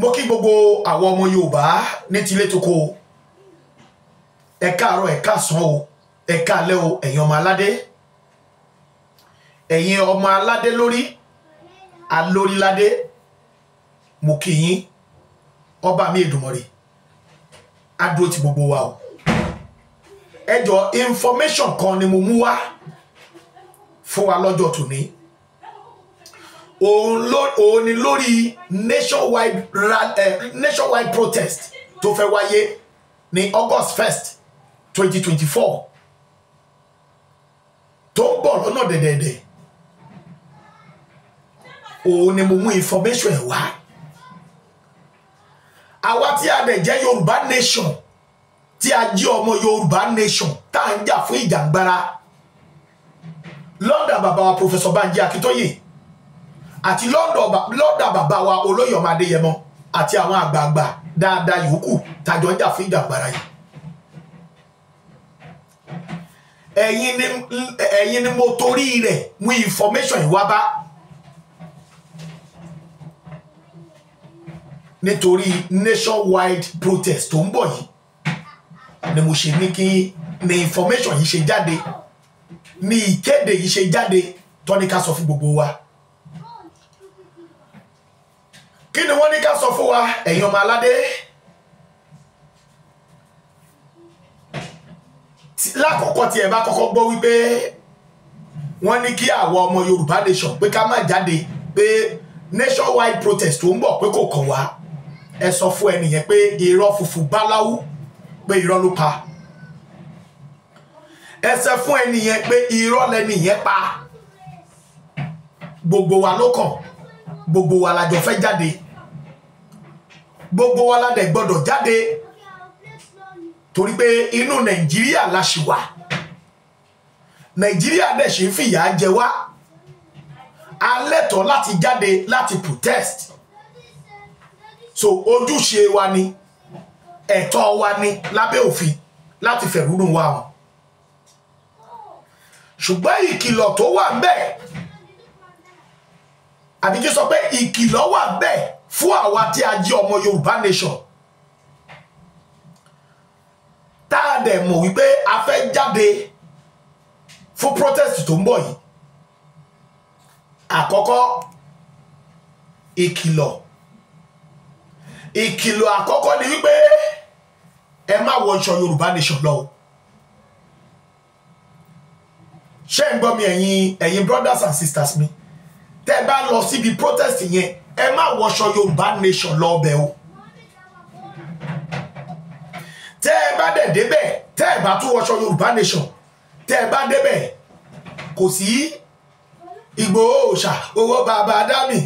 mo kí gbogbo àwọn ọmọ yorùbá ní tilé tó kó o ẹ káàárọ̀ ẹ káàsán o ẹ káàlẹ́ o ẹ̀yin ọmọ aládé ẹ̀yin ọmọ aládé lórí alóríládé mo kí yín ọba mi Èdùmàrè á ti gbogbo wa o ẹ jọ information kan ni mo mú wá fún wa lọ́jọ́ tòní òun òun ni lórí nationwide uh, nationwide protest tó fẹ́ wáyé ní August first twenty twenty four tó ń bọ̀ lọ́nà dẹ̀dẹ̀dẹ̀ òun ni mo mú information ẹ̀ wá àwa tí a dẹ̀ jẹ́ Yorùbá nation tí a jí ọmọ Yorùbá nation tá à ń jà fún ìjàngbara lọ́dà bàbá wa Professor Banji Akitoye àti lọ́dà bàbá wa olóyè ọmọ adéyẹmọ àti àwọn àgbààgbà dáadáa yòókù tàjọ ń jà fún ìjàgbara yìí ẹ̀yin ni ẹ̀yin ni mo torí rẹ̀ mú information yìí wá bá nítorí nationwide protest tó ń bọ̀ yìí ni mo ṣe ní kí ni information yìí ṣe jáde ni ìkéde yìí ṣe jáde tó ká sọ fún gbogbo wa. kí ni wọ́n ní ká sọ fún wa ẹ̀yin ọmọ aládé lákọ̀ọ́kọ́ tí ẹ bá kọ́kọ́ gbọ́ wípé wọ́n ní kí àwọn ọmọ Yorùbá nation pé ká má jáde pé nationwide protest tó ń bọ̀ pé kò kàn wá ẹ sọ fún ẹnìyẹn pé irọ́ funfun báláwú pé irọ́ ló pa ẹ sọ fún ẹnìyẹn pé irọ́ lẹnìyẹn pa gbogbo wa ló kàn gbogbo wa la jọ fẹ́ jáde gbogbo wa la dẹ̀ gbọ́dọ̀ jáde torí pé inú nàìjíríà la ṣì wà nàìjíríà dẹ̀ ṣe ń fìyà jẹ wá a láti jáde láti protest so ojúṣe wa ni ẹ̀tọ́ wa ni lábẹ́ òfin láti fẹ̀rúnú wa hàn ṣùgbọ́n ìkìlọ̀ tó wà ń bẹ̀ àbíkí sọ pé ìkìlọ̀ wà ń bẹ̀ fún àwa tí a jẹ́ ọmọ Yorùbá nation tá a dẹ̀ mọ̀ wípé a fẹ́ jáde fún protest tó ń bọ̀ yìí àkọ́kọ́ ìkìlọ̀ ìkìlọ̀ àkọ́kọ́ ni wípé ẹ má wọṣọ Yorùbá nation lọ ṣé ń gbọ́ mi ẹ̀yin ẹ̀yin brothers and sisters mi tẹ́ ẹ bá lọ síbi protest yẹn ẹ má wọṣọ yorùbá nation lọ́ọ̀bẹ̀ o tẹ́ ẹ bá dẹ̀ débẹ̀ tẹ́ ẹ bá tún wọṣọ yorùbá nation tẹ́ ẹ bá débẹ̀ kò sí Ìgbòho òòṣà owó bàbá dámì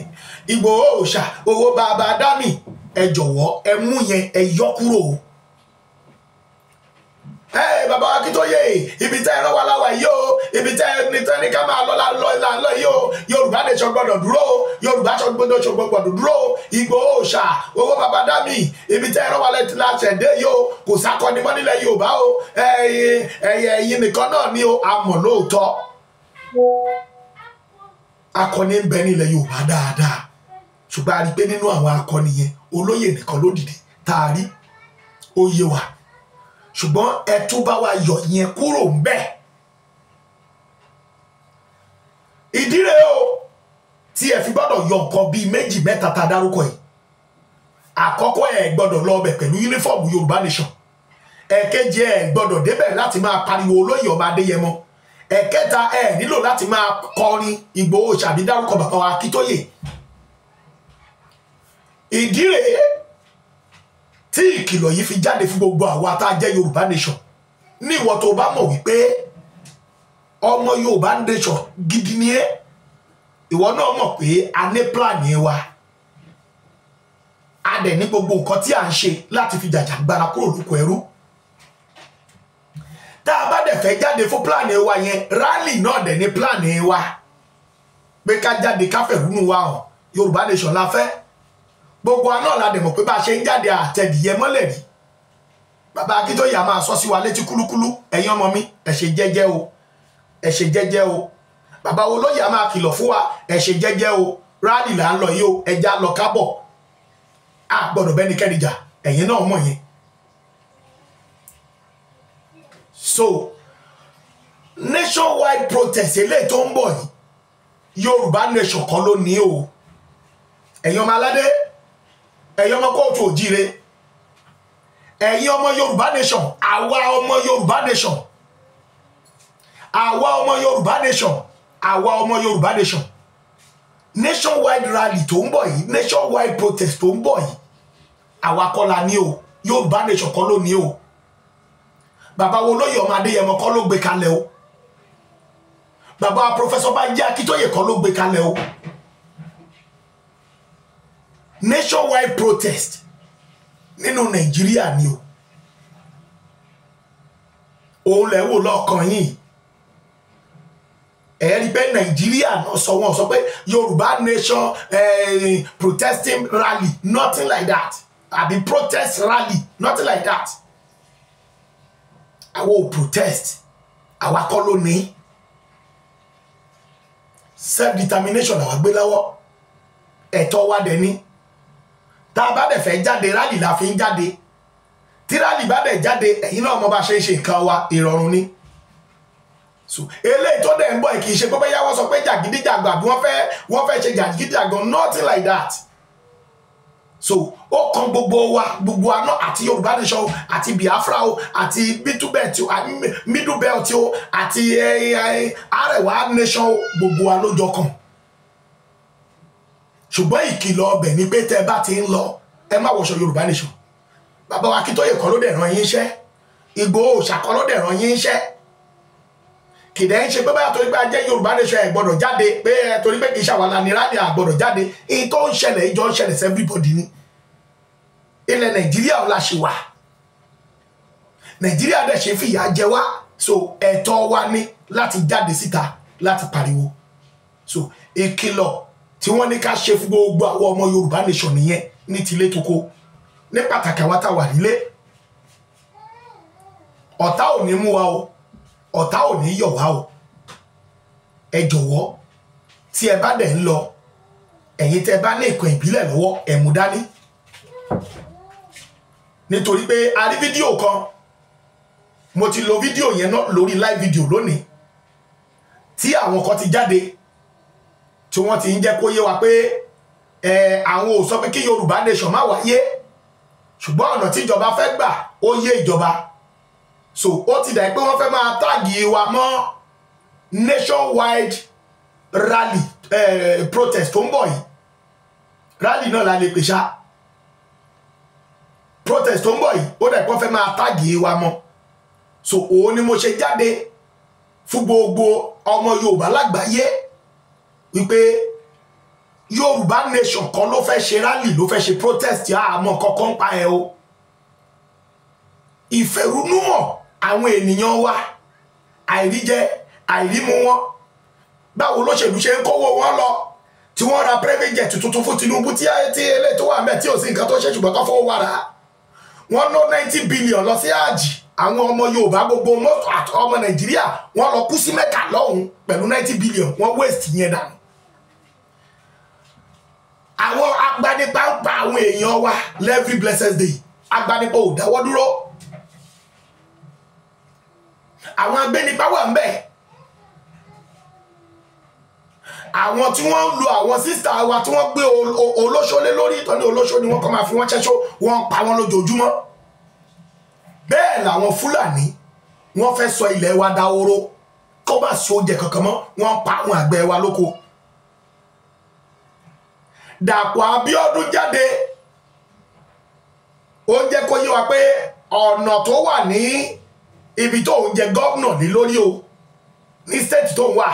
Ìgbòho òòṣà owó bàbá dámì ẹ jọ̀wọ́ ẹ mú yẹn ẹ yọ kúrò o ẹ bàbá wa kí tó yé ibi tẹ́ ẹ rán wa láwa yìí o ibi tẹ́ ẹ ní tẹ́ ní ká máa lọ lọ lọ yìí o yorùbá lè sọ gbọ́dọ̀ dúró yorùbá sọ gbọ́dọ̀ sọ gbọ́dọ̀ dúró Ìgbòho owó bàbá dami ibi tẹ́ ẹ rán wa láṣẹ dé yìí o kò sákọni mọ́ nílẹ̀ yorùbá o ẹ̀yin ẹ̀yin nìkan náà ni o àmọ́ lóòótọ́ akọni ń bẹ nílẹ̀ yorùbá dáadáa ṣùgbọ́n a rí pé nínú àwọn akọni yẹn olóyè nìkan ló tá a rí ṣùgbọ́n ẹ tún bá wa yọ yẹn kúrò ń bẹ̀. ìdí rèé o tí ẹ fi gbọ́dọ̀ yọ nǹkan bíi méjì mẹ́ta ta dárúkọ yìí àkọ́kọ́ ẹ gbọ́dọ̀ lọ ọbẹ̀ pẹ̀lú yúnífọ̀mù Yorùbá Nation ẹ̀kejì ẹ gbọ́dọ̀ débẹ̀ láti máa pariwo olóyè ọba Adéyẹmọ ẹ̀kẹta ẹ nílò láti máa kọrin Ìgbòho ṣàbí dárúkọ bàbá wa Akíntóyè ìdí rèé tí ìkìlọ̀ yìí fi jáde fún gbogbo àwa tá a jẹ́ yorùbá nation ní ìwọ tó bá mọ̀ wípé ọmọ yorùbá nation gidi ni ẹ́ ìwọ náà mọ̀ pé a ní plan yẹn wa a dẹ̀ ní gbogbo nǹkan tí à ń ṣe láti fi jàjàgbara kúrò lóko ẹrú tá a bá dẹ̀ fẹ́ jáde fún plan yẹn wa yẹn rally náà dẹ̀ ní plan yẹn wa pé ká jáde káfẹ̀húnú wa hàn yorùbá nation la fẹ́ gbogbo aná la dẹ̀ mọ̀ pé bá a ṣe ń jáde àtẹ̀dìyẹ mọ́lẹ̀ rí bàbá akíntóyè a máa sọ sí wa létí kúlúkúlú ẹ̀yin ọmọ mi ẹ jẹ́jẹ́ o ẹ jẹ́jẹ́ o bàbá olóyè a máa kìlọ̀ fún wa ẹ jẹ́jẹ́ o rálì là ń lọ yìí o ẹja lọ kábọ̀ a gbọ́dọ̀ bẹ́ni kẹ́rìjà ẹ̀yin náà mọ̀ yẹn so nationwide protest eléyìí tó ń bọ̀ yìí yorùbá nation kan ló ní o ẹ̀yin ọmọ aládé ẹ̀yin ọmọ kóòtù òjíire ẹ̀yin ọmọ yorùbá nation àwa ọmọ yorùbá nation àwa ọmọ yorùbá nation àwa ọmọ yorùbá nation nationwide rally tó ń bọ̀ yìí nationwide protest tó ń bọ̀ yìí àwa kọ́ la ní o yorùbá nation kọ́ ló ní o bàbá wo lóye ọmọ adéyẹmọ kọ́ ló gbé kalẹ̀ o bàbá professor Banji Akíntóyè kọ́ ló gbé kalẹ̀ o nationwide protest nínú nàìjíríà ni o òun lẹ̀ wò lọ́ọ̀kan yìí ẹ̀rí bẹ́ẹ̀ nàìjíríà náà sọ wọ́n sọ pé yorùbá nation eh, protesting rally nothing like that àbí protest rally nothing like that àwọn ò protest àwa kọ́ ló self determination làwa gbé lọ́wọ́ ẹ̀tọ́ wa dẹ̀ ní tá a bá dẹ̀ fẹ́ jáde rálì la fi ń jáde tí rálì bá dẹ̀ jáde ẹ̀yin náà mo bá ṣe é ṣe nǹkan wa ìrọ̀rùn ni so eléyìí tó dẹ̀ ń bọ̀ kì í ṣe pé bóyá wọ́n sọ pé jàgídíjàgbà bí wọ́n fẹ́ wọ́n fẹ́ ṣe jàgídíjàgbà nothing like that so ó kan gbogbo wa gbogbo aná àti yorùbá nation o àti biafra o àti bitubelt o àti middle belt o àti eh, eh, arẹwà nation gbogbo wa ló jọ kàn ṣùgbọ́n ìkìlọ̀ ọbẹ̀ ni pé tẹ́ ẹ bá ti ń lọ ẹ má wọṣọ Yorùbá nation bàbá wa Akíntóyè kọ́ ló dẹ̀ ràn yín iṣẹ́ Ìgbòho Òòṣà kọ́ ló dẹ̀ ràn yín iṣẹ́ kìdẹ́ ń ṣe pé báyà torí pé a Yorùbá nation ẹ̀ gbọ́dọ̀ jáde pé ẹ torí pé kì í ṣàwàlà nira ni a jáde èyí tó ń ṣẹlẹ̀ ìjọ ń ṣẹlẹ̀ everybody ni ilẹ̀ Nàìjíríà ọ̀la ṣe wà Nàìjíríà dẹ̀ ṣe fìyà jẹ wá so ẹ̀tọ́ wa ni láti jáde síta láti pariwo so ìkìlọ̀ tí wọ́n ní ká ṣe fún gbogbo àwọn ọmọ Yorùbá nation nìyẹn ní tilé toko ní pàtàkì àwa tá nílé ọ̀tá ò ní mú wa o ọ̀tá ò ní yọ̀ wá o ẹ jọ̀wọ́ tí ẹ bá dẹ̀ ń lọ ẹ̀yin tẹ́ bá ní ìkan ìbílẹ̀ lọ́wọ́ ẹ mú dání nítorí pé a rí fídíò kan mo ti lo fídíò yẹn lórí live video lónìí tí àwọn kan ti jáde tí wọ́n ti ń jẹ́ kó yé wa pé ẹ àwọn ò sọ pé kí Yorùbá nation má wáyé ṣùgbọ́n ọ̀nà tí ìjọba fẹ́ gbà ó yé ìjọba so ó ti dà pé wọ́n fẹ́ máa táàgì wa mọ́ nationwide rally eh, protest tó ń bọ̀ yìí rally náà la lè pè ṣá protest tó ń bọ̀ yìí ó dà pé wọ́n fẹ́ máa táàgì wa mọ́ so òun ni mo ṣe jáde fún gbogbo ọmọ Yorùbá lágbàáyé wípé yorùbá nation kan ló fẹ́ ṣe rally ló fẹ́ ṣe protest àmọ́ ah, kankan ń pa ẹ̀ o ìfẹ̀rúnúhàn àwọn ènìyàn wa àìríjẹ àìrímu wọn báwo lóṣèlú ṣe ń kówó wọn lọ tí wọ́n ra private jet tuntun fún Tinubu tí ilé tó wà mẹ́ tí ò sí nǹkan tó ṣe ṣùgbọ́n kan fowó wàrà wọ́n ná ninety billion lọ sí àjì àwọn ọmọ Yorùbá gbogbo ọmọ Nàìjíríà wọ́n lọ kú sí Mẹ́kà lọ́hùn-ún ninety billion wọ́n waste yẹn dànù àwọn agbanipa ń pa àwọn èèyàn wa every blessed day agbanipa ò dáwọ́ dúró àwọn agbanipa wà ń bẹ̀ àwọn tí wọ́n ń lo àwọn sísá wa tí wọ́n gbé olóṣó lé lórí ìtọ́ni olóṣó ni wọ́n kọ́ máa fi wọ́n ṣẹ́ṣó wọ́n pa wọ́n lójoojúmọ́ bẹ́ẹ̀ làwọn fúlàní wọ́n fẹ́ sọ ilẹ̀ wa dahoro kó má sí oúnjẹ kankan mọ́ wọ́n pa àwọn àgbẹ̀ wa lóko Dàpọ̀ Abíọ́dún jáde ó jẹ́ kó yé wa pé ọ̀nà tó wà ní ibi tó ń jẹ gómìnà ní lórí o ní state tó ń wà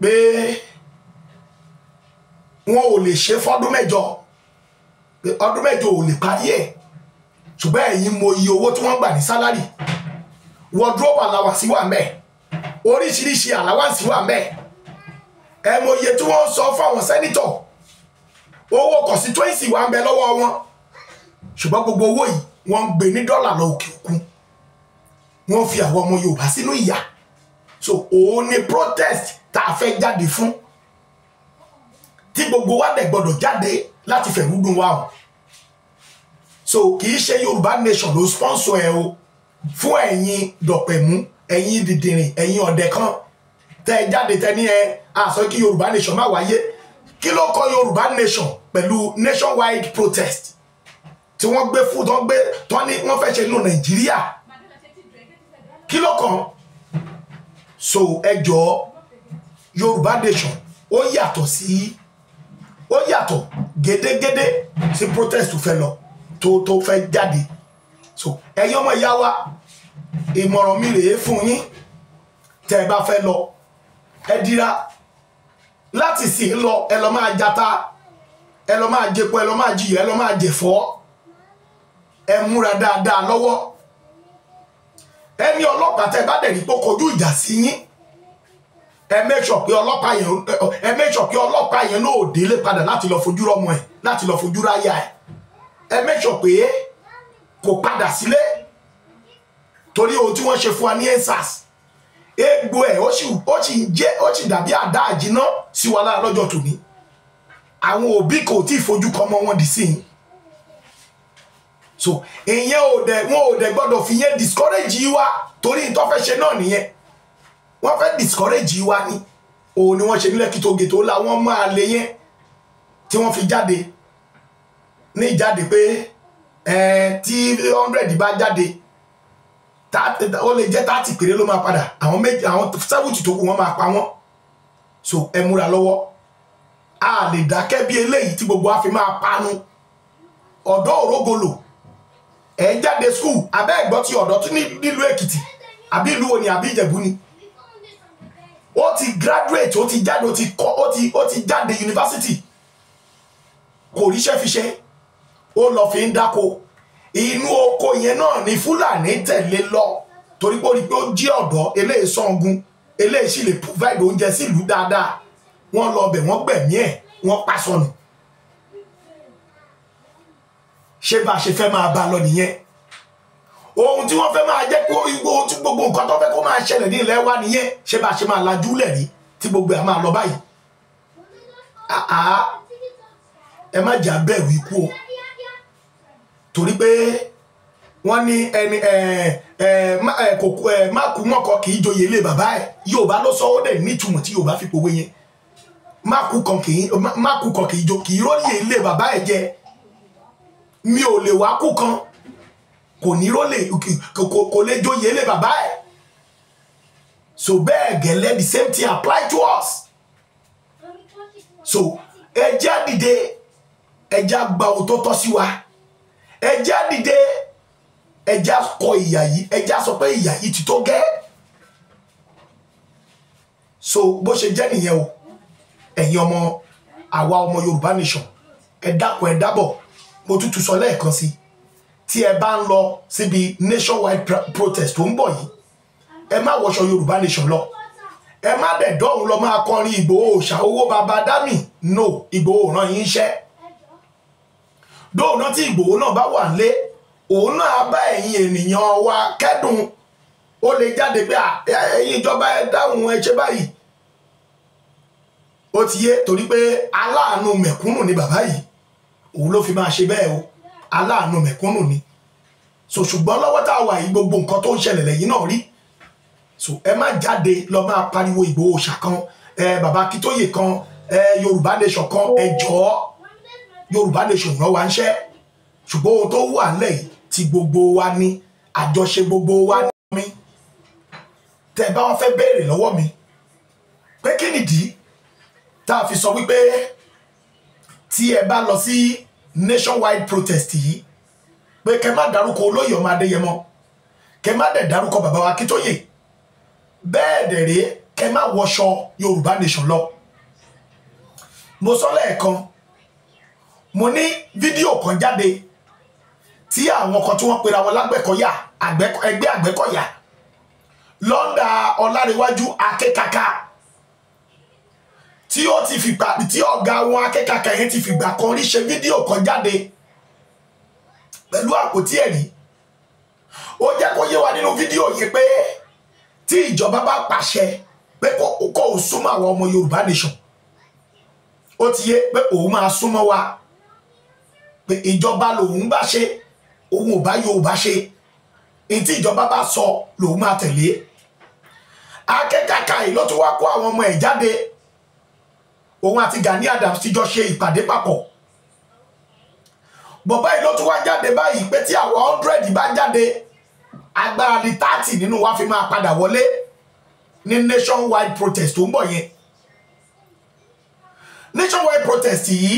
pé wọn ò lè ṣe fọ́dún mẹ́jọ pé ọdún mẹ́jọ ò lè parí ẹ̀ ṣùgbọ́n ẹ̀yin mọ iye owó tí wọ́n gbà ní sálárì wardrobe allowance wà ńbẹ̀ oríṣiríṣi allowance wà ńbẹ̀ ẹ mọ iye tí wọ́n sọ fáwọn sẹ́nitọ̀ owó constituency wa ń bẹ lọ́wọ́ wọn ṣùgbọ́n gbogbo owó yìí wọ́n ń gbé ní dọ́là lọ òkè òkun wọ́n fi àwọn ọmọ Yorùbá sínú ìyà so òun ni protest tá a fẹ́ jáde fún tí gbogbo wa dẹ̀ gbọ́dọ̀ jáde láti fẹ̀rù dùn wa o so kì í ṣe Yorùbá nation ló sponsor ẹ o fún ẹ̀yin dọ̀pẹ̀mú ẹ̀yin dìdìrìn ẹ̀yin ọ̀dẹ̀ kan tẹ ẹ jáde tẹ ní ẹ àsọ kí yorùbá nation má wáyé kí ló kọ yorùbá nation pẹ̀lú nationwide protest tí wọ́n gbé fún tó ń gbé tó ní wọ́n fẹ́ ṣe nínú nàìjíríà kí ló kàn so ẹ yorùbá nation ó yàtọ̀ sí ó yàtọ̀ gédégédé sí protest tó fẹ́ lọ tó tó fẹ́ jáde so ẹ̀yin ọmọ ìyá wa ìmọ̀ràn mi rèé fún yín tẹ́ ẹ bá fẹ́ lọ ẹ dira láti sì ń lọ ẹ lọ máa jata ẹ lọ máa jepo ẹ lọ máa jiyọ ẹ lọ máa jẹfọ ẹ múra dáadáa lọ́wọ́ ẹni ọlọ́pàá tẹ bá dẹ̀ ní pé kojú ìjà sí yín ẹ make sure pé ọlọ́pàá yẹn ẹ make sure pé ọlọ́pàá yẹn náà délé padà láti lọ fojú rọmọ ẹ láti lọ fojú ráyà ẹ ẹ make sure pé kò padà sílé torí ohun tí wọ́n ṣe fún wa ní ensas egbò ẹ̀ ó sì ó sì jẹ́ ó sì dàbí àdá àjínà sí wa lára lọ́jọ́ tòní àwọn òbí kò tí ì fojú kọ ọmọ wọn dì sí i so ìyẹn ò dẹ̀ wọn ò dẹ̀ gbọ́dọ̀ fi yẹn discourage wa torí n tó fẹ́ ṣe náà nìyẹn wọ́n fẹ́ discourage wa ni òun ni wọ́n ṣe nílẹ̀ kí toge tó la wọ́n máa lé yẹn tí wọ́n fi jáde ní ìjáde pé ẹ tí hundred bá jáde ó lè jẹ́ tààtì péré ló máa padà àwọn méjì àwọn sẹ́wùtì tó kù wọ́n máa pa wọ́n so ẹ múra lọ́wọ́ a lè dákẹ́ bí eléyìí tí gbogbo àfi máa panu ọ̀dọ́ òrógolo ẹ̀ ń jáde skul abẹ́ ẹ̀gbọ́n ti ọ̀dọ́ tún nílùú èkìtì àbí ìlú òní àbí ìjẹ̀bú ni ó ti graduate ó ti jáde ó ti kọ́ ó ti ó ti jáde yunifásitì kò ríṣẹ́ fi ṣe ó lọ fi ń dáko inú oko yẹn náà ni fúlàní tẹ̀lé lọ torí pé ó rí pé ó jí ọ̀dọ́ eléyìí sangun eléyìí sì lè provide oúnjẹ sílùú dáadáa wọ́n lọ bẹ̀ wọ́n gbẹ̀mí ẹ̀ wọ́n pa sọnù ṣé bá a ṣe fẹ́ máa bá a lọ nìyẹn ohun tí wọ́n fẹ́ máa jẹ́ kó igbó tí gbogbo nǹkan tó fẹ́ kó máa ṣẹlẹ̀ ní ilẹ̀ wa nìyẹn ṣé bá a ṣe máa lajú lẹ̀ rí tí gbogbo ẹ̀ máa lọ báyìí ẹ má jà bẹ̀rù ikú o torí pé wọ́n ní ẹni máàkù kì í joyè ilé bàbá ẹ̀ yorùbá ló sọ dẹ̀ nítumọ̀ tí yorùbá fi pòwe yẹn máàkù kì í jo kì í rólé ilé bàbá ẹ̀ jẹ mi ò lè wá kú kan kò ní rólé kò lè joyè ilé bàbá ẹ̀ so bẹ́ẹ̀ gẹ́lẹ́ the same thing apply to us so ẹ já dìde ẹ já gba òótọ́ sí wa ẹjá dìde ẹjá kọ ìyà yìí ẹjá sọ pé ìyà yìí ti tó gẹ́ so bó ṣe jẹ́ nìyẹn o ẹ̀yin ọmọ àwa ọmọ Yorùbá nation ẹ dákun ẹ dábọ̀ mo tútù sọ lẹ́ẹ̀kan sí tí ẹ bá ń lọ síbi nationwide protest tó ń bọ̀ yìí ẹ má wọṣọ Yorùbá nation lọ ẹ má dẹ̀ dọ́hùn lọ máa kọrin Ìgbòho ṣàwówó bàbá dámì no Ìgbòho ràn yín iṣẹ́ dóònà tí Ìgbòho náà bá wà nílé òun náà bá ẹ̀yin ènìyàn wa kẹ́dùn ó lè jáde pé ẹ̀yin ìjọba ẹ dáhùn ẹ báyìí ó ti yé torí pé aláàánú mẹ̀kúnnù ni bàbá yìí òun oh, ló fi máa ṣe bẹ́ẹ̀ o aláàánú mẹ̀kúnnù ni so ṣùgbọ́n lọ́wọ́ tá a wà yìí gbogbo nǹkan tó ń ṣẹlẹ̀ lẹ́yìn náà rí so ẹ má jáde lọ máa pariwo Ìgbòho ṣàkan ẹ bàbá Akíntóyè kan ẹ Yorùbá nation kan ẹ jọ̀ọ́ yorùbá nation rán wa ń ṣẹ́ ṣùgbọ́n ohun tó wà nílẹ̀ yìí ti gbogbo wa ní àjọṣe gbogbo wa ní mi tẹ bá wọn fẹ́ béèrè lọ́wọ́ mi pé kí nìdí tá a fi sọ wípé tí ẹ bá lọ sí nationwide protest yìí pé kẹ má dárúkọ olóyè ọmọ adéyẹmọ kẹ má dẹ̀ dárúkọ bàbá wa akíntóyè bẹ́ẹ̀ dẹ̀ rèé kẹ má wọṣọ yorùbá nation lọ mo sọ lẹ́ẹ̀kan mo ní fídíò kan jáde tí àwọn kan tí wọ́n pera wọn lágbẹ̀kọ́yà ẹgbẹ́ àgbẹ̀kọ́yà lọ́ndà ọ̀làríwájú akẹ́kàkà tí ó ti fìgbà tí ọ̀gá wọn akẹ́kàkà yẹn ti fìgbà kan rí ṣe fídíò kan jáde pẹ̀lú àpótí ẹ̀rí ó jẹ́ kó yé wa nínú fídíò yìí pé tí ìjọba bá pàṣẹ pé kó o súnmọ́ àwọn ọmọ Yorùbá nation ó ti yé pé òun máa súnmọ́ wa pé ìjọba lòun bá ṣe òun ò bá Yorùbá ṣe ní tí ìjọba bá sọ lòun máa tẹ̀lé akẹ́kàkà yìí ló tún wá kó àwọn ọmọ ẹ̀ jáde òun àti Gani Adams ti jọ ṣe ìpàdé papọ̀ bọ̀bá yìí ló tún wá jáde báyìí pé tí àwọn hundred bá jáde agbára ní thirty nínú wa fi máa padà wọlé ní nationwide protest tó ń bọ̀ yẹn nationwide protest yìí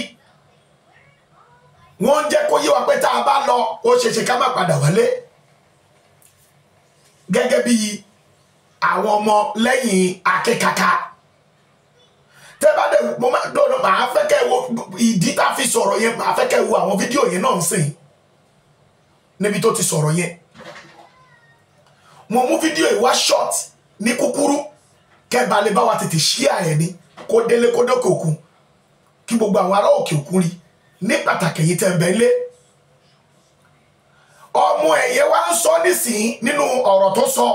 wọ́n ń jẹ́ kó yé wa pé tá a bá lọ ó ṣe ṣe ká má padà wálé gẹ́gẹ́ bí àwọn ọmọ lẹ́yìn akẹ́kàkà tẹ́bàdé mo máa dọ̀nà màá fẹ́ kẹ́ wo ìdí tá a fi sọ̀rọ̀ yẹn màá fẹ́ kẹ́ wo àwọn fídíò yẹn náà ń sìn níbi tó ti sọ̀rọ̀ yẹn mo mú fídíò yìí wá short ní kúkúrú kẹ́ẹ̀bà lè bá wa tètè ṣíà ẹ̀ ní kó délé kó dókè òkun kí gbogbo àwọn ará òkè òkun rí ní pàtàkì yìí tẹ̀ ń bẹ́ lé ọmọ ẹ̀yẹ wa ń sọ nísìnyí nínú ọ̀rọ̀ tó sọ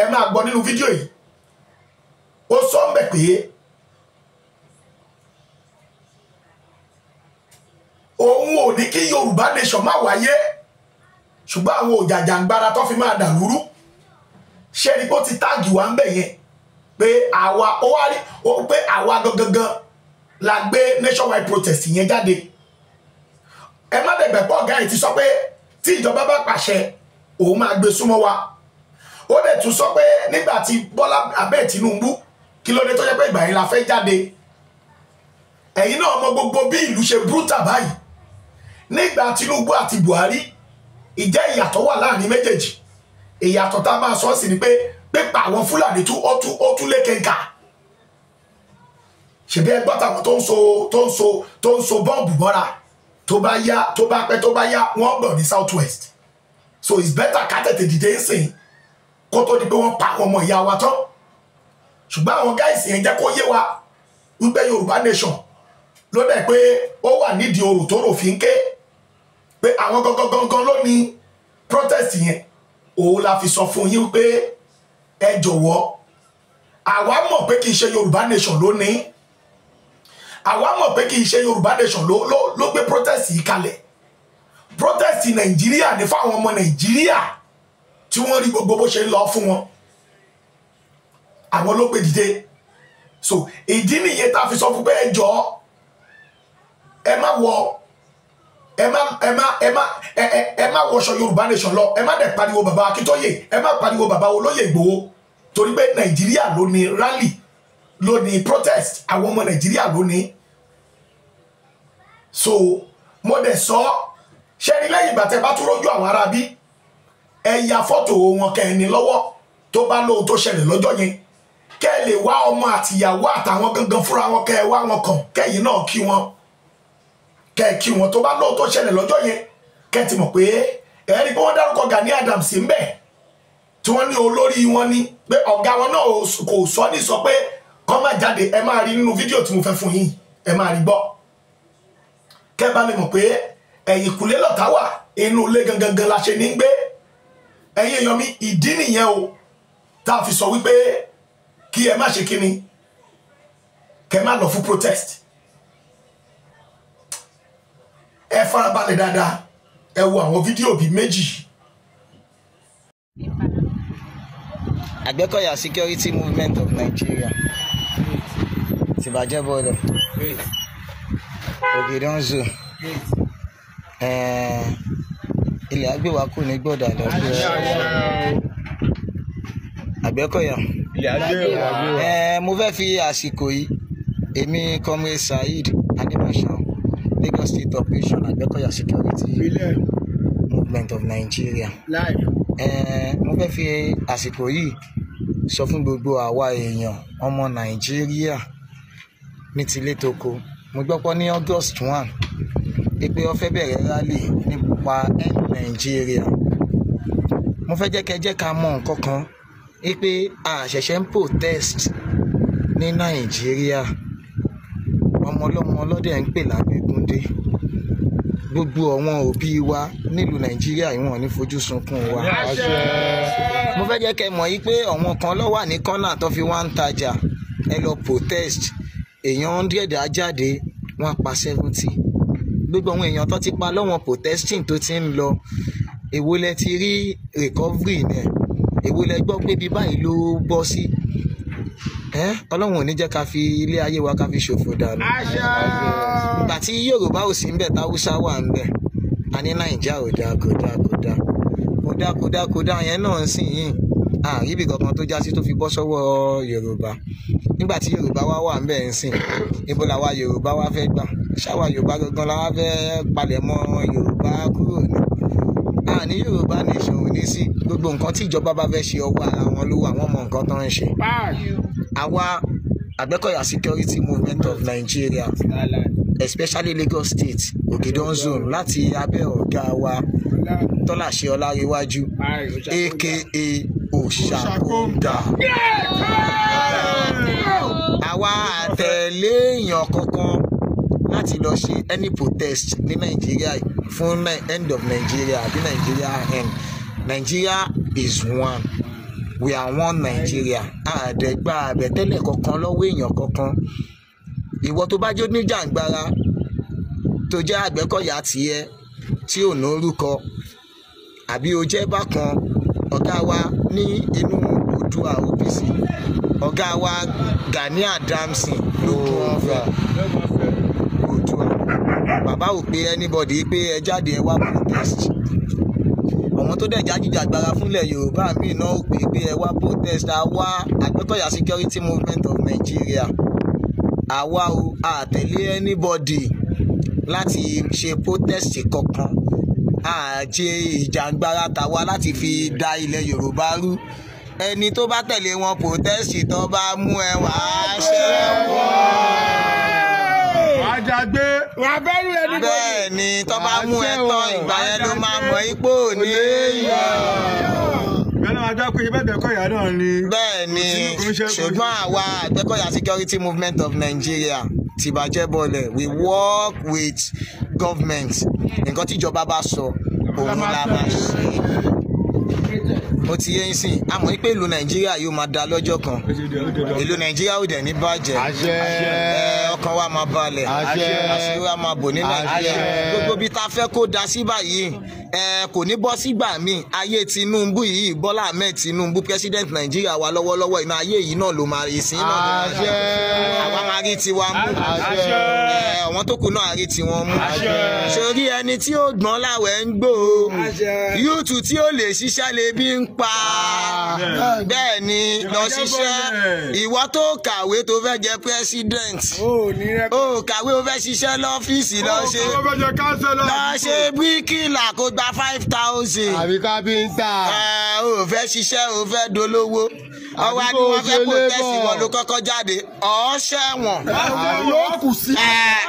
ẹ máa gbọ́ nínú fídíò yìí ó sọ ń bẹ̀ pé òun ò ní kí Yorùbá nation má wáyé ṣùgbọ́n àwọn òjàjàǹgbara tó fi máa dàlúrú ṣé ni bó ti táàgì wá ń bẹ̀ yẹn pé àwa ó wá rí pé àwa gangan la gbé nationwide protest yẹn jáde ẹ má dẹ̀ gbàgbọ́ ọ̀gá ẹ̀ ti sọ pé tí ìjọba bá pàṣẹ òun máa gbé súnmọ́ wa ó dẹ̀ tún sọ pé nígbà tí Bọ́lá abẹ́ Tinubu kí ló dé tó jẹ́ pé ìgbà yẹn la fẹ́ jáde ẹ̀yin náà mọ gbogbo bí ìlú ṣe brúta báyìí nígbà Tinubu àti Buhari ìjẹ́ ìyàtọ̀ wà láàrin méjèèjì ìyàtọ̀ tá a máa sọ sí ni pé pípa àwọn Fúlàní tún ó tún ó tún lékenkà ṣèbí ẹgbọ́n táwọn tó ń so tó ń so tó ń so bọ́ǹbù bọ́ra tó bá yá tó bá pẹ́ tó bá yá wọ́n gbọ̀n ní south west so it's better ká tètè dìde ń sìn kó tó di pé wọ́n pa àwọn ọmọ ìyá wa tán ṣùgbọ́n àwọn gáìsì yẹn jẹ́ kó yé wa wípé yorùbá nation ló dẹ̀ pé ó wà nídìí orò tó rò fi ń ké pé àwọn gangan gangan ló ní protest yẹn òun la fi sọ fún yín pé ẹ jọ̀wọ́ àwa mọ̀ pé kì í ṣe yorùbá nation ló ní àwa mọ̀ pé kì í ṣe yorùbá nation ló ló ló gbé protest yìí kalẹ̀ protest nàìjíríà ní fáwọn ọmọ nàìjíríà tí wọ́n rí gbogbo bó ṣe ń lọ fún wọn àwọn ló gbé dìde so ìdí nìyẹn tá a fi sọ fún pé ẹ jọ ẹ má wọ ẹ má ẹ má ẹ má ẹ ẹ má wọṣọ yorùbá nation lọ ẹ má dẹ̀ pariwo bàbá akíntóyè ẹ má pariwo bàbá olóyè ìgbòho torí pé nàìjíríà ló ní rally lónìí protest àwọn ọmọ nàìjíríà lónìí so mo dẹ̀ sọ ṣẹ́ni lẹ́yìn ìgbà tẹ́ bá tún rójú àwọn aráabí ẹ ya fọ́tò wọn kẹ́ni lọ́wọ́ tó bá lóhun tó ṣẹlẹ̀ lọ́jọ́ yẹn kẹ́ ẹ lè wá ọmọ àtìyàwó àtàwọn gangan fúnra wọn kẹ́ ẹ wá wọn kàn kẹ́yìn náà kí wọn kẹ́ ẹ kí wọn tó bá lóhun tó ṣẹlẹ̀ lọ́jọ́ yẹn kẹ́ ẹ ti mọ̀ pé ẹ rí i pé wọ́n dárúkọ Gani Adams ń bẹ̀ tí wọ́n ní olórí wọn ní pé ọ̀gá wọn náà kò sọ ní sọ pé kọ́ máa jáde ẹ máa rí nínú fídíò tí mo fẹ́ fún yín ẹ máa rí gbọ́ kẹ́ bá mi mọ̀ pé ẹ̀yìnkùlé lọ̀tá wà inú ilé gangan la ṣe ní gbé ẹ̀yin èèyàn mi ìdí nìyẹn o tá a fi sọ wípé kí ẹ má ṣe kíni kẹ́ má lọ fún protest ẹ farabalẹ̀ dáadáa ẹ wo àwọn fídíò bíi méjì. Àgbẹ̀kọ̀yà Security Movement of Nigeria ìbàjẹ́ bọ́ọ̀lù ògiri ń zù ilẹ̀ agbèwà kù ní gbọ̀dà lọ́dún àgbẹ̀kọ̀yà mo fẹ́ fi àsìkò yìí èmi comrade saheed adébáṣán Lagos State operation àgbẹ̀kọ̀yà security movement of Nigeria mo fẹ́ fi àsìkò yìí sọ fún gbogbo àwa èèyàn ọmọ nàìjíríà ní tilé toko mo gbọ́pọ́ ní august one pé wọ́n fẹ́ bẹ̀rẹ̀ rally nípa end nàìjíríà mo fẹ́ jẹ́ kẹ́ jẹ́ ká mọ nǹkan kan pé a ṣẹ̀ṣẹ̀ ń protest ní nàìjíríà ọmọ ọlọ́mọ ọlọ́dẹ̀ ń pè lábẹ́gúndé gbogbo àwọn òbí wa nílùú nàìjíríà ìwọ̀n ní fojú sunkún wa. mo fẹ́ jẹ́ kẹ́ mọ̀ yí pé àwọn kan ló wà tó fi wá ń tajà ẹ lọ protest èèyàn hundred á jáde wọ́n pa seventy gbogbo àwọn èèyàn tó ti pa lọ́wọ́n protesting tó ti ń lọ èwo lẹ ti rí recovery yẹn èwo lẹ gbọ́ pé bí báyìí ló bọ́ sí ọlọ́run ò ní jẹ́ ká fi ilé ayé wa ká fi ṣòfò dànù ìgbà tí yorùbá ò sí ń bẹ̀ táwùsá wà ń bẹ̀ a ní nàìjíríà ò dáa kò dáa kò dáa kò dáa kò dáa yẹn náà ń sìn yìí àríbì kankan tó já sí tó fi bọ́ sọ́wọ́ yorùbá nígbà tí yorùbá wá wà ńbẹ̀ ń ibo làwa yorùbá wá fẹ́ gbà ṣáwa yorùbá gangan la wá fẹ́ palẹ̀mọ́ yorùbá kúrò ní àní yorùbá nation ò ní sí gbogbo nǹkan tí ìjọba bá fẹ́ ṣe ọwọ́ ara wọn ló wà wọ́n mọ nǹkan tó ń ṣe àwa Àgbẹ̀kọ̀yà security movement of Nigeria especially Lagos State Ogedon zone láti abẹ́ ọ̀gá wa Tọ́láṣẹ́ Ọláréwájú aka òṣàkóńdà. àwa àtẹ̀lé èèyàn kankan láti lọ ṣe any protest ní nàìjíríà fún end of nigeria àbí nigeria end nigeria is one we are one nigeria àdẹ̀gbà àbẹ̀tẹ́lẹ̀ kankan lọ́wọ́ èèyàn kankan ìwọ tó bá jó ní jàǹgbara tó jẹ́ àgbẹ̀kọ̀yà tiẹ̀ tí ò nórúkọ àbí o jẹ́ bákan ọ̀gá wa ní inú Oòduà OPC ọ̀gá wa Gani Adamson ló kún wọn fẹ́ Oòduà bàbá ò pé anybody pé ẹ jáde ẹ wá protest àwọn tó dẹ̀ jájìjàgbara fúnlẹ̀ Yorùbá mi náà ò pé pé ẹ wá protest àwa Àgbẹ̀kọ̀yà security movement of Nigeria àwa ò àtẹ̀lé anybody láti ṣe protest kankan àṣe ìjàngbara tàwa láti fi da ilẹ̀ Yorùbá rú ẹni tó bá tẹ̀lé wọn protest tó bá mú ẹ wá ṣẹ́wọ̀n àjàgbé. wàá ẹni bọ́dì. bẹ́ẹ̀ ni tó bá mú ẹ tán ìgbà yẹn ló máa mọ ipò ní. bẹ́ẹ̀ náà ṣùgbọ́n àwa Àgbẹ̀kọ̀yà Security Movement of Nigeria tìbàjẹ́ bọ̀lẹ̀ we work with government nǹkan tíjọba bá sọ òun la máa ṣe ó ti yé yín sìn àmọ́ pé ìlú nàìjíríà yóò máa da lọ́jọ́ kan ìlú nàìjíríà ò dẹ̀ ní bàjẹ́ ọkàn wa máa balẹ̀ àṣírí wa máa bò ní nàìjíríà gbogbo bí ta fẹ́ kó da sí báyìí kò ní bọ́ sígbà míì ayé tinubu yìí bọ́lá ahmed tinubu president nàìjíríà wa lọ́wọ́lọ́wọ́ iná ayé yìí náà ló máa rí sí iná àwa máa rí tiwa mú àwọn tó kù náà rí tiwọn mú sórí ẹni tí ó gbọ́n láwẹ̀ ń gbò yúùtù tí ó lè ṣiṣẹ́ lè bí ń pa ah. bẹ́ẹ̀ ni lọ ṣiṣẹ́ ìwọ tó kàwé tó fẹ́ jẹ president ó kàwé ó fẹ́ ṣiṣẹ́ lọ́fíìsì lọ ṣe lọ ṣe bíríkìlà kó gba five thousand. àbí kábíńtà. ó eh, fẹ́ ṣiṣẹ́ ó fẹ́ dolówó ọwọ́ ni wọ́n fẹ́ kó tẹ̀sí wọn ló kọ́kọ́ jáde ọ̀ọ́ṣẹ́ wọn. ló kù sí eh.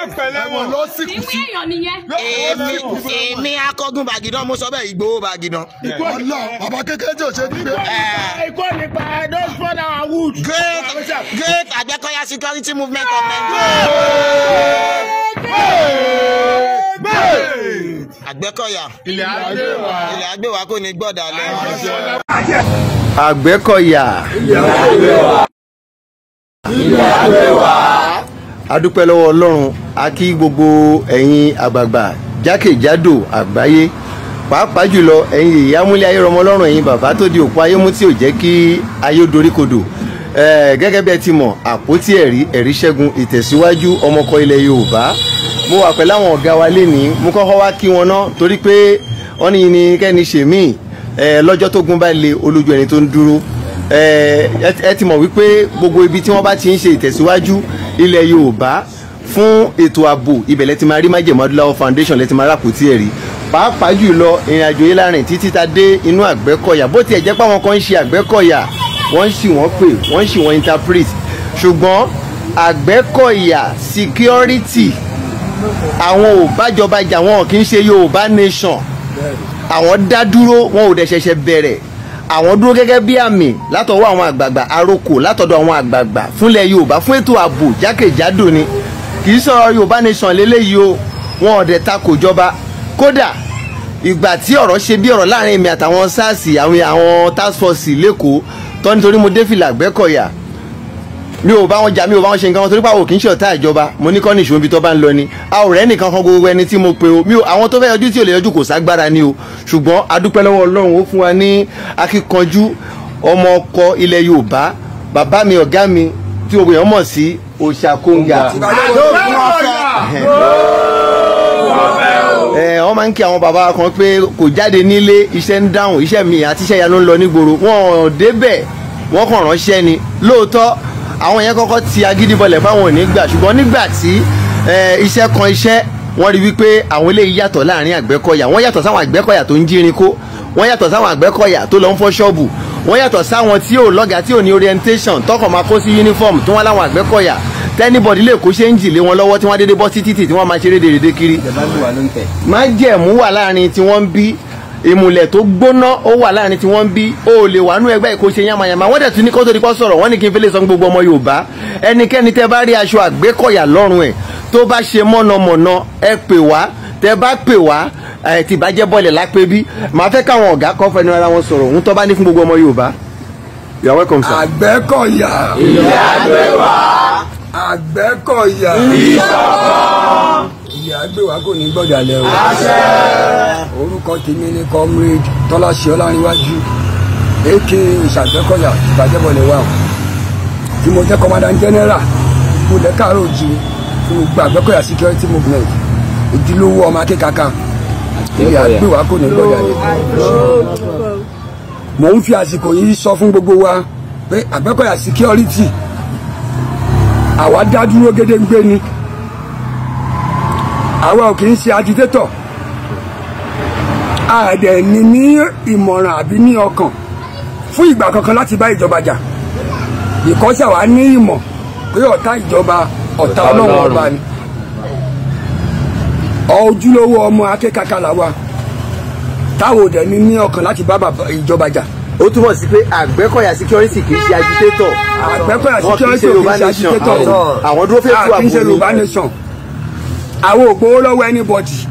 ẹ̀wọ̀n ló sì kù sí. èmi akọ́gun bàgìdán mo sọ bẹ́ẹ̀ Ìgbòho bàgìdán. ìgbòho bàbá kékeré tí o ṣe gbé. Eh. ikọ́ nípa those four hour wood. great great Àgbẹ̀kọ̀yà security movement of Nigeria. Àgbẹ̀kọ̀yà ilẹ̀ àgbẹ̀wà ilẹ̀ àgbẹ̀wà kò ní gbọ́dọ̀ lọ. Àgbẹ̀kọ̀yà ilẹ̀ àgbẹ̀wà ilẹ̀ àgbẹ̀wà. adúpẹ́ lọ́wọ́ Ọlọ́run a kí gbogbo ẹ̀yin àgbààgbà jákèjádò àgbáyé pàápàá jùlọ ẹ̀yin ìyá múlẹ̀ ayé rọmọ lọ́rùn ẹ̀yin bàbá tó di òpó ayé mú tí ò jẹ́ kí ayé doríkodò gẹ́gẹ́ bí ẹ ti mọ̀ àpótí ẹ̀rí ẹ̀rí ṣẹ́gun ìtẹ̀síwájú ọmọkọ ilẹ̀ Yorùbá mo wà pẹ̀lú àwọn ọ̀gá wa lénìí mo kọ́kọ́ wá kí wọn ná torí pé wọ́n ní ní kẹ́ni ṣèmí lọ́jọ́ tó gún bá le olójú ẹni tó ń dúró ẹ ti mọ̀ wípé gbogbo ibi tí wọ́n bá ti ń ṣe ìtẹ̀síwájú ilẹ̀ Yorùbá fún ètò ààbò ibẹ̀ lẹ́tìmárí májèmọ́ foundation lẹ́tìmárí àpótí ẹ̀rí pàápàá jùlọ ìrìn àjò yìí láàrin títí ta dé inú àgbẹ́kọ̀yà bó tiẹ̀ jẹ́ pé àwọn kan ń ṣe àgbẹ́kọ̀yà wọ́n sì wọ́n pè wọ́n sì wọ́n interpret ṣùgbọ́n àgbẹ́kọ̀yà security àwọn ò bájọba jà wọn kì í ṣe Yorùbá nation àwọn dá dúró wọn ò dẹ̀ ṣẹ̀ṣẹ̀ bẹ̀rẹ̀ àwọn dúró gẹ́gẹ́ bí àmì látọwọ́ àwọn àgbààgbà àròkò látọ̀dọ̀ àwọn àgbààgbà fúnlẹ̀ Yorùbá fún ètò ààbò jákèjádò ni kì í sọ̀rọ̀ Yorùbá nation lélẹ́yìí o wọn ò dẹ̀ takò jọba kódà ìgbà tí ọ̀rọ̀ ṣe bí ọ̀rọ̀ láàrin èmi àtàwọn SARS àwọn àwọn task force lẹ́kọ̀ọ́ tó nítorí mo dé fìlà gbẹ́kọ̀yà mi ò bá wọn jà mi ò bá wọn ṣe nǹkan torí pé àwọn kì í ṣe ọ̀tá ìjọba mo ní kọ́ni ìṣòwò ibi tó bá ń lọ ni a ò rẹ́ nìkan kan gbogbo ẹni tí mo pe o mi ò àwọn tó fẹ́ yọjú tí ò lè yọjú kò ságbára ni o ṣùgbọ́n adúpẹ́ lọ́wọ́ Ọlọ́run ó fún wa ní akíkanjú ọmọ ọkọ ilẹ̀ Yorùbá bàbá mi ọ̀gá mi tí gbogbo èèyàn mọ̀ sí Òṣàkóńgà wọ́n máa ń kí àwọn bàbá kan pé kò jáde nílé iṣẹ́ ń dáhùn iṣẹ́ mi àti iṣẹ́ ìyanu ń lọ nígboro wọn ò débẹ̀ wọ́n kàn ránṣẹ́ ni lóòótọ́ àwọn yẹn kọ́kọ́ ti agídí bọlẹ̀ fáwọn òní gbà ṣùgbọ́n nígbà tí iṣẹ́ kan iṣẹ́ wọ́n rí wípé àwọn eléyìí yàtọ̀ láàrin àgbẹ̀kọ̀yà wọ́n yàtọ̀ sáwọn àgbẹ̀kọ̀yà tó ń jírin kó wọ́n yàtọ̀ sáwọn àgbẹ̀kọ̀yà tó lọ ń fọ́ ṣọ́ọ̀bù wọ́n yàtọ̀ sáwọn tí ò lọ́gàá tí ò ní orientation tọkọ̀ máa kó sí uniform tí wọ́n láwọn àgbẹ̀kọ̀yà tẹ́nibọ̀dì lè kó ṣe ń jì wọn lọ́wọ́ tí wọ́n dédé bọ́ sí tí wọ́n máa ṣe rédèrèdè kiri. májẹ̀mú wà láàrin tí wọ́n ń bí ìmùlẹ̀ tó gbóná ó wà láàrin tí wọ́n ń bí ó lè wà nú ẹgbẹ́ ìkóṣe yamayama wọ́n dẹ̀ ní kó tó kó sọ̀rọ̀ wọ́n ní kí n fi sọ gbogbo ọmọ Yorùbá ẹnikẹ́ni tẹ́ bá rí aṣọ àgbékọ̀yà lọ́rùn ẹ̀ tó bá ṣe mọ̀nàmọ̀nà ẹ pè wá tẹ bá pè wá ti bàjẹ́ bọ́ọ̀lẹ̀ lápẹ́ bí màá fẹ́ káwọn ọ̀gá kan fẹnu ara wọn sọ̀rọ̀ ń tọ́ bá ní fún gbogbo ọmọ Yorùbá you are welcome sir. Àgbẹ̀kọ̀yà ìyá gbé wá Àgbẹ̀kọ̀yà ìṣọ̀kan ìyá gbé wá kò ní gbọ́dọ̀ lẹ o. àṣẹ. orúkọ tèmi ni comrade tọ́láṣí ọlárìnwájú èké ìṣàgbẹ́kọ̀yà ìbàjẹ́bọ̀lẹ̀ wà o tí mo jẹ́ commander general kò lẹ́kàárọ̀ òjì fún gbàgbẹ́kọ̀yà security movement ojúlówó ọmọ akéka kan ibi àgbéwá kò ní gbọ́dọ̀ yẹn. mò ń fi àsìkò yìí sọ fún gbogbo wa pé Àgbẹ̀kọ̀yà síkírọ́rìtì àwa dá dúró gédéńgbé ni àwa ò kì í ṣe agitétọ̀ àdẹ̀ ni ní ìmọ̀ràn àbí ní ọkàn fún ìgbà kankan láti bá ìjọba jà ìkọ́sẹ̀ wa ní ìmọ̀ pé ọ̀tá ìjọba ọ̀tá ọlọ́run ọba ni ojúlówó ọmọ akẹ́kàkà làwa táwọn òdẹ ní ní ọkàn láti bá ìjọba jà. ó túmọ̀ sí pé àgbẹ̀kọ̀yà security kì í ṣe agitator. àgbẹ̀kọ̀yà security kì í ṣe agitator. àwọn dúró lọ́wọ́ anybody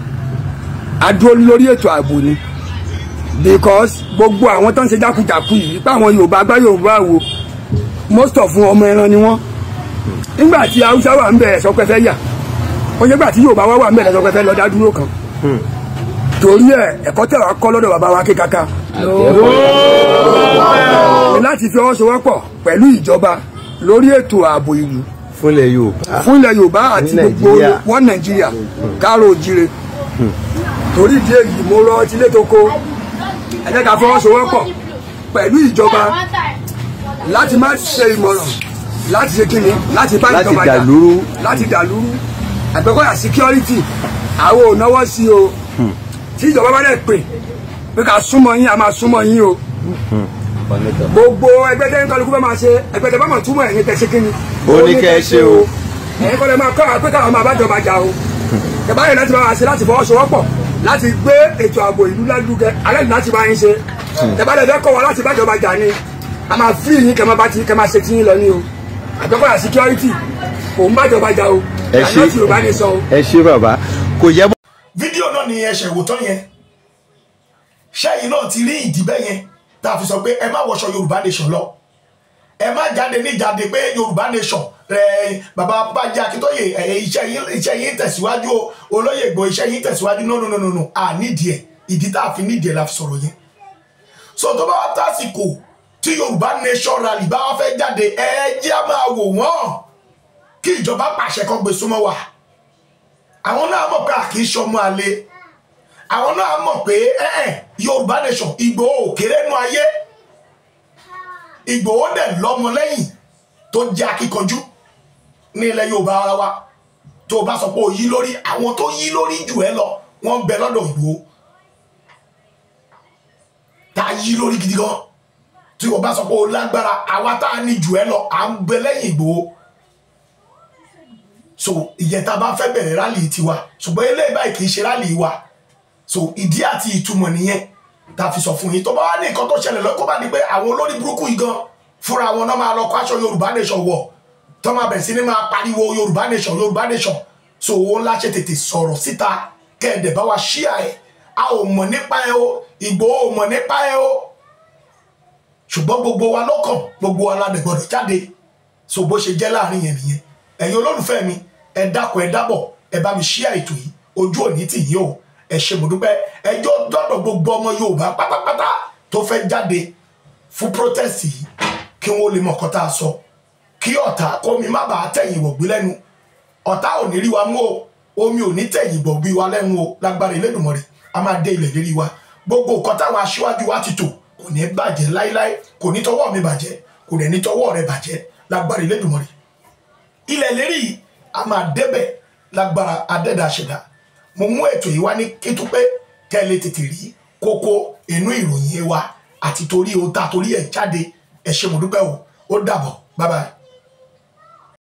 àdúró lórí ètò ààbò ni because gbogbo àwọn tó ń ṣe jákujàku yìí pé àwọn yorùbá gbá yorùbá wo most of ọmọ ẹran ni wọn nígbà tí haúsá wà ń bẹ̀rẹ̀ sọ pé fẹ́ yà ó yẹ gbà tí yóò bá wá wà mẹ́rin lọ́gbẹ́ fẹ́ lọ dá dúró kan hmm. torí ẹ ẹ̀kọ́ tẹ̀ wá kọ́ lọ́dọ̀ bàbá wa ké kaka láti fi ọwọ́ sowọ́pọ̀ pẹ̀lú ìjọba lórí ètò ààbò ìlú fúnlẹ̀ Yorùbá fúnlẹ̀ Yorùbá àti gbogbo wọn Nàìjíríà hmm. kárò òjire hmm. torí ìdí èyí mo rọ ọtí létoko ẹ jẹ́ ká fọwọ́sowọ́pọ̀ pẹ̀lú ìjọba láti má ṣe ìmọ̀ràn láti ṣe kíni láti bá ìjọba jà láti dàlúrú àgbẹ̀kọ̀yà security àwọn ò náwó sí o hmm. tí ìjọba bá dẹ̀ pè pé ká súnmọ́ yín a máa súnmọ́ yín o hmm. gbogbo ẹgbẹ́ tẹ́ ń kálukú bá máa ṣe ẹgbẹ́ tẹ́ bá mọ̀ túmọ̀ ẹ̀yin tẹ́ ṣe kí ni. ó ní kẹ́ ẹ ṣe o. ẹ̀yin kọ́ lè máa kọ́ àwọn pé káwọn máa bá jọba jà o. ìbá hmm. yẹn láti máa ṣe láti fọwọ́sowọ́pọ̀ láti gbé ètò ààbò ìlú ládùúgẹ alẹ́ láti bá yín ṣe. ìbá lè fẹ́ kọ́ wa láti bá jọba jà ni a máa fi yín kẹ́ máa bá ti kẹ́ máa ṣe tí yín lọ ní o. àgbẹ̀kọ̀yà security òun bá jọba jà o ẹ ṣe ẹ ṣe bàbá kò yẹ bọ́. fídíò náà ni ẹsẹ̀ ìwòtán yẹn ṣẹ́yìn náà ti rí ìdíbẹ́ yẹn tá a fi sọ pé ẹ má wọṣọ Yorùbá Nation lọ ẹ má jáde ní jáde pé Yorùbá Nation rẹ bàbá bàjẹ Akíntóyè iṣẹ́ yín tẹ̀síwájú o olóyè Ìgbòho iṣẹ́ yín tẹ̀síwájú no no no no no à nídìí ẹ ìdí tá a fi nídìí ẹ la fi sọ̀rọ̀ yẹn so tó bá wá tásìkò tí Yorùbá Nation rally bá wá fẹ́ jáde ẹ jẹ́ máa wò wọ́n kí ìjọba pàṣẹ kan gbé súnmọ́ wa àwọn náà mọ̀ pé àkì í ṣọmọ àlè àwọn náà mọ̀ pé ẹ̀ẹ́n Yorùbá nation Ìgbòho òkèrè nú ayé Ìgbòho dẹ̀ lọ́mọ lẹ́yìn tó jẹ́ akíkanjú ní ilẹ̀ Yorùbá ara wa tó o bá sọ pé o yí lórí àwọn tó yí lórí jù ẹ lọ wọ́n bẹ lọ́dọ̀ Ìgbòho tá a yí lórí gidi gan tí o bá sọ pé o lágbára àwa tá a ní jù ẹ lọ à ń bẹ lẹ́yìn Ìgbòho so ìyẹn tá a bá fẹ́ bẹ̀rẹ̀ rálì tiwa ṣùgbọ́n eléyìí báyìí kì í ṣe rálì wa so ìdí àti ìtumọ̀ nìyẹn tá a fi sọ fún yín tó bá wá ní nǹkan tó ṣẹlẹ̀ lọ́kọ́ bá ní pé àwọn olórí burúkú yìí gan fúnra wọn náà máa lọ kó aṣọ Yorùbá nation wọ̀ tó máa bẹ̀rẹ̀ sí ní máa pariwo Yorùbá nation Yorùbá nation so òun láṣẹ tètè sọ̀rọ̀ síta kẹ́ẹ̀dẹ̀ bá wa ṣíà ẹ̀ a ò mọ̀ nípa ẹ o Ìgbòho ò mọ̀ nípa ẹ o ṣùgbọ́n gbogbo wa lọ́kàn gbogbo wa la dẹ̀ gbọ́dọ̀ jáde so bó ṣe jẹ́ láàrin yẹn nìyẹn ẹ̀yin olólùfẹ́ mi ẹ dákun ẹ dábọ̀ ẹ bá mi share ètò yìí ojú òní tì yín o ẹ ṣe mo dúpẹ́ ẹjọ́ dọ́dọ̀ gbogbo ọmọ Yorùbá pátápátá tó fẹ́ jáde fún protest yìí kí wọ́n lè mọ̀ kọ́tà sọ kí ọ̀tá kómi má bàa tẹ̀yìn wọ̀gbí lẹ́nu ọ̀tá ò ní rí wa mú o omi ò ní tẹ̀yìn bọ̀ bí wa lẹ́nu o lágbára Elédùmarè a máa dé ilẹ̀ lérí wa gbogbo nǹkan táwọn aṣíwájú wa ti tò kò ní bàjẹ́ láíláí kò ní tọwọ́ mi bàjẹ́ kò ní tọwọ́ rẹ bàjẹ́ lágbára Elédùmarè ilẹ̀ lérí yìí a máa débẹ̀ lágbára adẹ́dàṣẹ̀dá mo mú ètò yìí wá ní kétúpé tẹ́lẹ̀ tètè rí kókó inú ìròyìn wa àti torí ohun tá torí ẹ̀ jáde ẹ̀ ṣe mo o ó dàbọ̀ bye bye.